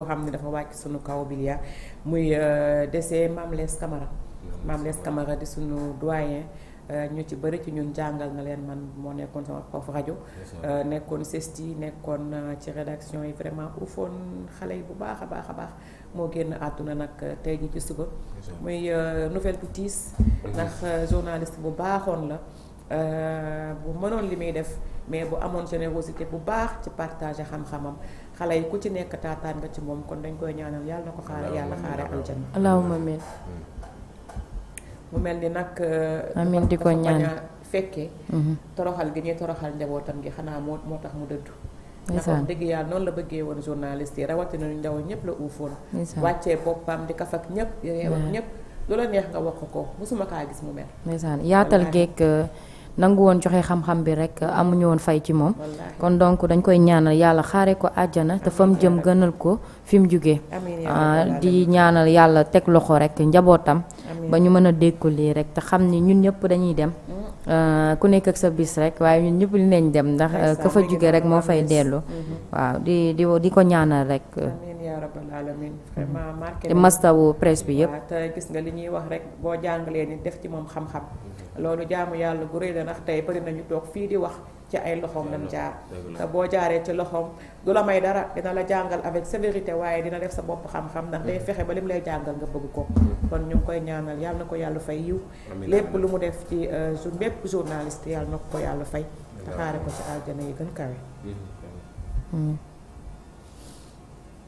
koo xam ne dafa wàcc suñu kaw bilia muy euh, décès Mame Less Camara Mame Camara di sunu doyen euh, ñu ci bëri ci ñun jàngal nga leen man moo nekkoon sama prof rajo euh, nekkoon sesti nekkoon ci rédaction yi vraiment ufoon xale yi bu baax a baax a baax moo génn àdduna nag tey ji ci suba muy nouvelle bu tiis ndax journaliste bu baaxoon la bu mënoon li muy def mais bu amoon générosité bu baax ci partage xam-xamam xale yi ku ci nekk taataan nga ci moom kon dañ koy ñaanal yàlla na ko xaare yàlla xaare aljanna allahumma amin mu mel ni nag euh, amin di ko ñaan fekkee mm-hmm. toroxal gi ñuy toroxal njabootam gi xanaa moo moo tax mu dëddu ndax wax dëgg yàlla noonu la bëggee woon journaliste yi rawatina ñu ndaw ñëpp la uufoon wàccee boppam di kaf ak ñëpp di reew ak lu la neex nga wax ko mosuma kaa gis mu mel yaatal geek euh, nangu woon joxe xam-xam bi rek euh, amuñu woon fay ci moom kon donc dañ koy ñaanal yàlla xaare ko àjjana te fa jëm gënal ko fi mu jugee ah, di ñaanal yàlla teg loxo rek njabootam ba ñu mën a dégg lii rek te xam ni ñun ñëpp dañuy dem hmm. euh, ku nekk sa bis rek waaye ñun ñëpp dinañ dem ndax euh, ko fa jóge rek moo fay dellu hmm. waaw di di di ko ñaanal rek rabbal alamin mhm. vraiment marqué te mastawu presse bi yëpp te gis nga li ñuy wax rek boo jàngalee ni def ci moom xam-xam mhm. loolu jaamu yàlla bu rëy la ndax tey bëri nañu toog fii di wax ci ay loxoom lañ jaar te boo jaaree ci loxoom du la may dara dina la jàngal avec sévérité waaye dina def sa bopp xam-xam ndax day mhm. fexe ba lim lay jàngal nga bëgg ko kon ñu ngi koy ñaanal yàlla na ko yàlla fay yiw lépp lu mu def ci euh, jour bépp journaliste yàlla na ko ko yàlla fay taxaare ko ci gën kawe hmm.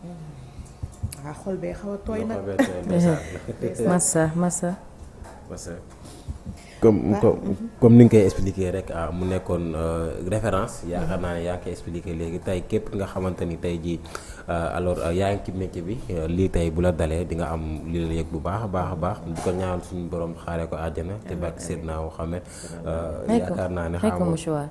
waaw ah, xol bee xaw massa massa comme comme ni nga koy expliqué rek ah mu nekkoon euh, référence yaakaar naa ne yaa ngi koy expliqué léegi tey képp nga xamante ni tey jii euh, alors euh, yaa ngi ci métier bi lii tey bu la dalee di nga am li la yëg bu baax a baax a baax di ko ñaan suñu borom xaaree ko àjjana te bàkk seet naa woo xam yaakaar naa ne xam nga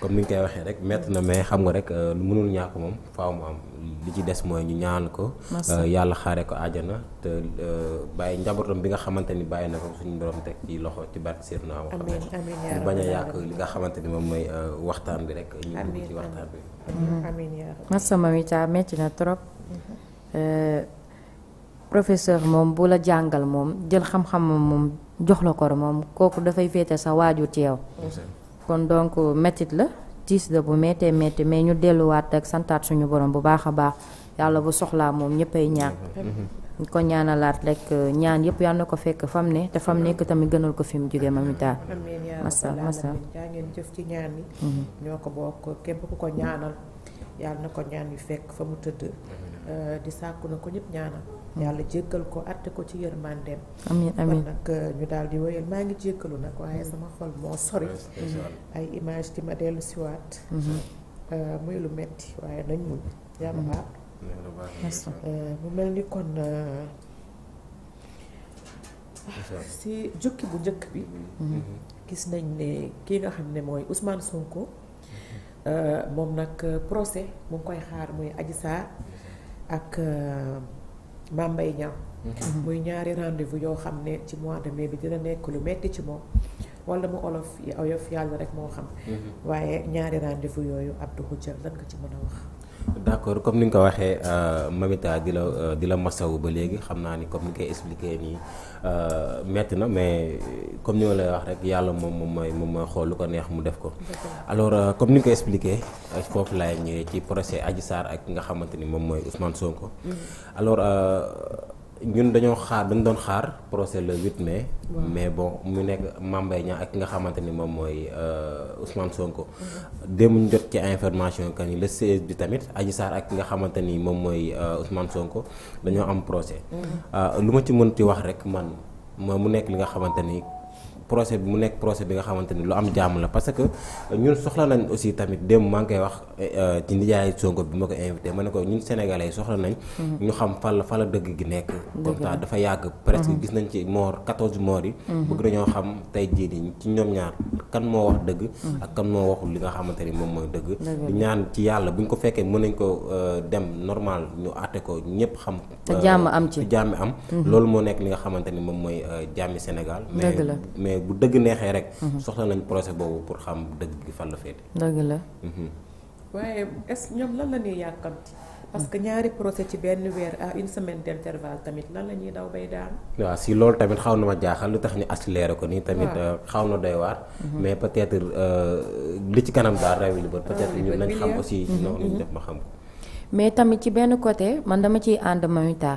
comme ni ñu koy waxee rek métti na mais xam nga rek lu euh, mënul ñàkk moom faw mu am li ci des mooy ñu ñaan ko. Euh, yàlla xaare ko aajana te euh, bàyyi njabootam bi nga xamante ni bàyyi na ko suñu borom teg ci loxo ci barke Seydina Muhammad. amiin bañ a li nga xamante ni moom mooy waxtaan bi rek. ñu dugg ci waxtaan bi. amiin massa mami Dia métti na trop. Mm-hmm. professeur moom bu la jàngal moom jël xam-xamam moom jox la ko moom kooku dafay féete sa waaju teew kon donc métit la tiis la bu méttee métti mais ñu delluwaat ak santaat suñu borom bu baax a baax yàlla bu soxlaa moom ñëppay ñaan ñu ko ñaanalaat rek euh, ñaan yëpp yàlla na ko fekk fam ne te fam nekk tamit gënal ko fi mu jógee Mamy Tall masa masa yaa ngeen jëf ci ñaan yi mhm. ko bokk képp ku ko ñaanal yàlla na ko ñaan fekk fa tëdd euh, di sàkku ko ñëpp ñaanal yàlla jéggal ko atte ko ci yërmandeem amiin amiin nag euh, ñu daal di maa ngi jéggalu nag waaye mm-hmm. sama xol moo sori mm-hmm. ay image di ma dellu siwaat mm-hmm. euh, muy lu metti waaye nañ muñ yàlla euh, mu mel ni kon si jukki bu njëkk bi gis nañ ne kii nga xam ne mooy usmaan Sonko moom nag procès mu ngi koy xaar muy Adji Sarr ak Mbaye Niang. Mm-hmm. muy ñaari rendez yoo xam ne ci mois de mai bi dina nekk lu metti ci moom. wala mu olof oyof yàlla rek moo xam. Mm-hmm. waaye ñaari rendez-vous yooyu Abdou Khoutia lan ko ci mën a wax. d' accord comme ni nga ko waxee euh, Mamita di la euh, di la masawu ba léegi xam naa ni comme ni koy expliqué nii euh, metti na mais comme ni ma lay wax rek yàlla moom moom mooy moom mooy xool lu ko neex mu def ko. alors comme ni nga ko expliqué foofu laay ñëwee ci procès Adji Sarr ak nga xamante ni moom mooy Ousmane Sonko. Mm-hmm. alors. ñun dañoo xaar dañ doon xaar procès le 8 mai. mais boo mu nekk Mame Mbaye ak ki nga xamante ni moom mooy euh, Ousmane Sonko. démb ñu jot ci information que ni le 16 bi tamit Adji saar ak ki nga xamante ni moom mooy euh, Ousmane Sonko dañoo am procès. Mm-hmm. Euh, lu ma ci mën ci wax rek man mooy mu nekk li nga xamante ni. procès bi mu nekk procès bi nga xamante lu am jàmm la parce que ñun soxla nañ aussi tamit démb maa ngi koy wax euh, ci nijaay Sonko bi ma ko invité ma ne ko ñun sénégalais soxla nañ. Mhm. ñu xam fan la fan la dëgg gi nekk. comme ça dafa yàgg. presque mhm. gis nañ ci moor 14 moor yi. Mhm. bëgg nañoo xam tey jii nii ci ñoom ñaar kan moo wax dëgg. ak kan moo waxul li nga xamante ni moom mooy dëgg. ñaan ci yàlla bu ñu ko fekkee mën nañ ko euh, dem normal ñu àtte ko ñëpp xam. te jàmm am ci euh, jàmm am. loolu moo nekk li nga xamante ni moom mooy jàmmi Sénégal. mais mais bu dëgg neexee rek. Mhm. soxla nañ procès boobu pour xam dëgg gi fan la dëgg la. Mhm. waaye est-ce ñoom lan la yàkkamti parce que ñaari procès ci benn weer à une semaine d'intervalle tamit lan la ñuy daw bay daan. waaw si loolu tamit xaw na ma jaaxal lu tax ñu accéléré ko nii tamit euh, xaw na doy waar. Mhm. mais peut-être euh, li ci kanam daal réew li bët peut-être ah, ñun nañ xam aussi. noonu ñu def ma xam ko. mais tamit ci benn côté man dama ciy ànd Mamita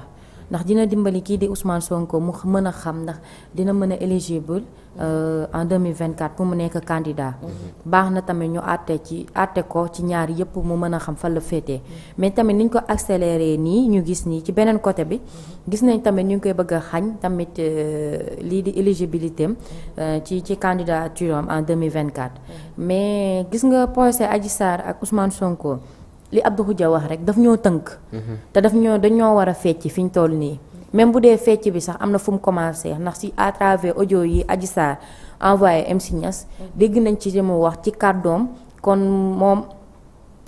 ndax dina dimbali kii di Ousmane Sonko mu mën a xam ndax dina mën a éligible euh, en 2024 pour mu nekk candidat mhm. baax na tamit ñu àtte ci àtte ko ci ñaar yëpp mu mën a xam fan la féetee mhm. mais tamit niñ ko accéléré nii ñu gis nii ci beneen côté bi mhm. gis nañ tamit ñu ngi koy bëgg xañ tamit euh, lii di éligibilité am euh, ci ci candidature am en quatre mais gis nga procès Adji Sarr ak Ousmane Sonko li Abdou Khoudia wax rek daf ñoo tënk. Mhm. te daf ñoo dañoo war a fecc fi ñu toll nii. même bu dee fecc bi sax am na fu mu commencé ndax si à travers audio yi Adji Sarr envoyé MC dégg nañ ci li mu wax ci kàddoom kon moom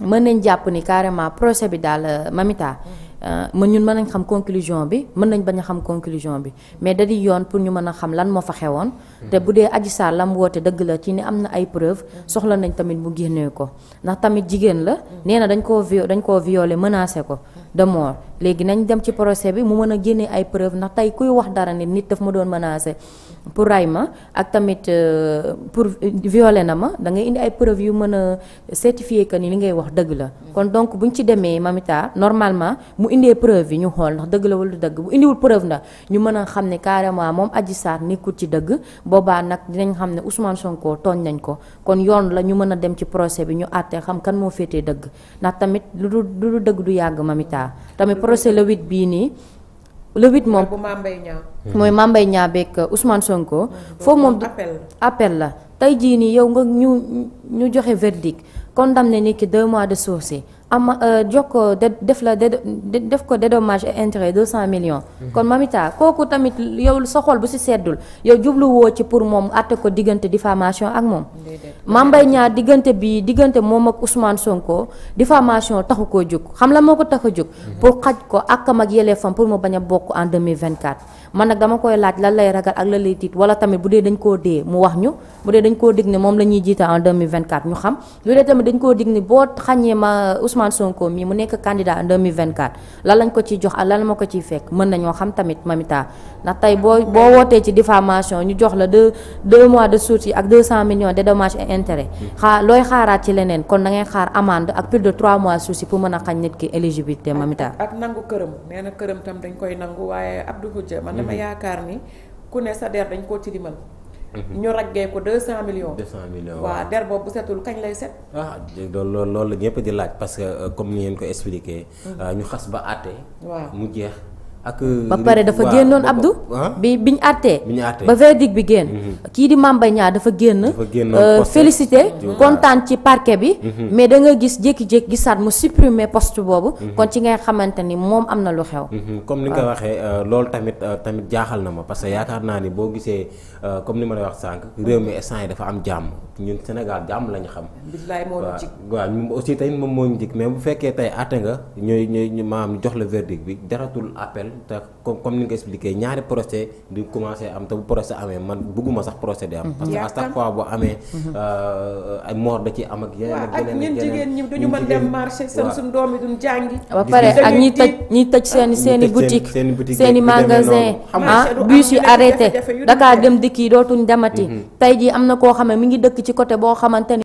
mën nañ jàpp ni carrément procès bi daal euh, Mamita. Mhm. Euh, mën ñun mën nañ xam conclusion bi mën nañ bañ a xam conclusion bi mais da di yoon pour ñu mën a xam lan moo fa xewoon. te bu dee Adji Sarr lam woote dëgg la ci ni am na ay preuve soxla nañ tamit mu génnee ko ndax tamit jigéen la. nee na dañ koo vi dañ koo violé menacé ko. de mort léegi nañ dem ci procès bi mu mën a génne ay preuve ndax tey kuy wax dara ne nit daf ma doon menacer pour ray ma ak tamit euh, pour violer na ma da ngay indi ay preuve yu mën a certifier que ni li ngay wax dëgg la kon donc buñ ci demee mamita normalement mu indee preuve yi ñu xool ndax dëgg la wala dëgg bu indiwul preuve ndax ñu mën xam ne carrément moom Adji Sarr nekkul ci dëgg boobaa nag dinañ xam ne Ousmane Sonko nañ ko kon yoon la ñu mën a dem ci procès bi ñu àtte xam kan moo féetee dëgg lu du dëgg du yàgg mamita ça tamit procès le huit bii nii le huit moom hmm. mooy Mame Mbaye Niang beeg euh, Ousmane Sonko hmm. foofu moom appel la tey jii nii yow nga ñu ñu joxe verdict condamné nit ki deux mois de sursis ama euh, jox ko def la def ko dédommage et intérêt 200 millions. Mhm. kon Mamita kooku tamit yow sa xol bu si seddul yow jubluwoo ci pour moom àtte ko diggante diffamation ak moom. Mame Mbaye Niang diggante bi diggante moom ak Ousmane Sonko diffamation taxu koo jóg xam la moo ko tax a jóg. Mhm. pour xaj ko ak kam ak yelleefam pour mu bañ a bokk en 2024. man nag dama koy laaj lan lay ragal ak lan lay tiit wala tamit bu dee dañ koo dee mu wax ñu bu moom la ñu xam bu dee tamit dañ koo dig ne boo Ousmane Sonko mii mu nekk candidat en 2024 lan lañ ko ciy jox ak lan ma ko ciy fekk mën nañoo xam tamit mamita ndax tey boo boo wootee ci diffamation ñu jox la deux mois de sursis yi ak 200 millions de dommages et intérêts looy xaaraat ci leneen kon da xaar amende ak plus de 3 mois sursis pour mën a xañ nit ki éligibilité mamita ak nangu këram nee këram tam dañ koy nangu waaye Abdou Khoudia man dama mhm. yaakaar ni ku ne sa der dañ koo tilimal Mhm. ñu raggee ko deux cent millions. deux cent millions waaw der boobu bu setul kañ lay set. ah loolu loolu la ñëpp di laaj parce que euh, comme ni ngeen ko expliqué. Mhm. Euh, ñu xas ba àtte. waaw mu jeex. ak hmm. euh, ba pare dafa génnoon Abdou. bi bi ñu àttee. ba verdict bi génn. Hmm. kii di Mame Mbaye Niang dafa génn. Euh, félicité kontaan ci parquet bi. Hmm. mais danga nga gis jékki-jékki gisaat mu supprimer poste boobu. kon ci ngay xamante ni moom am na lu xew. comme ni nga waxee euh, loolu tamit tamit jaaxal na ma parce que yaakaar naa ni boo gisee comme ni ma lay wax sànq réew mi instant yi dafa am jàmm ñu Sénégal jàmm lañu xam. billaay moo ñu jig waaw aussi tamit moom moo ñu mais bu fekkee tey àtte nga ñooy ñu maam jox la verdict bi jaratul appel. te comme ni nga ko expliqué ñaari procès di commencé am te bu procès amee man bëgguma sax procès di am. Mhm. parce que à chaque bu amee mhm. euh, ay mort da ci am ak ñi tëj ñi tëj ah. seen seen i boutique magasin ah bus yi arrêté dem dikk yi dootuñ demati. Mhm. tey jii am na koo xam ne ngi dëkk ci côté boo xamante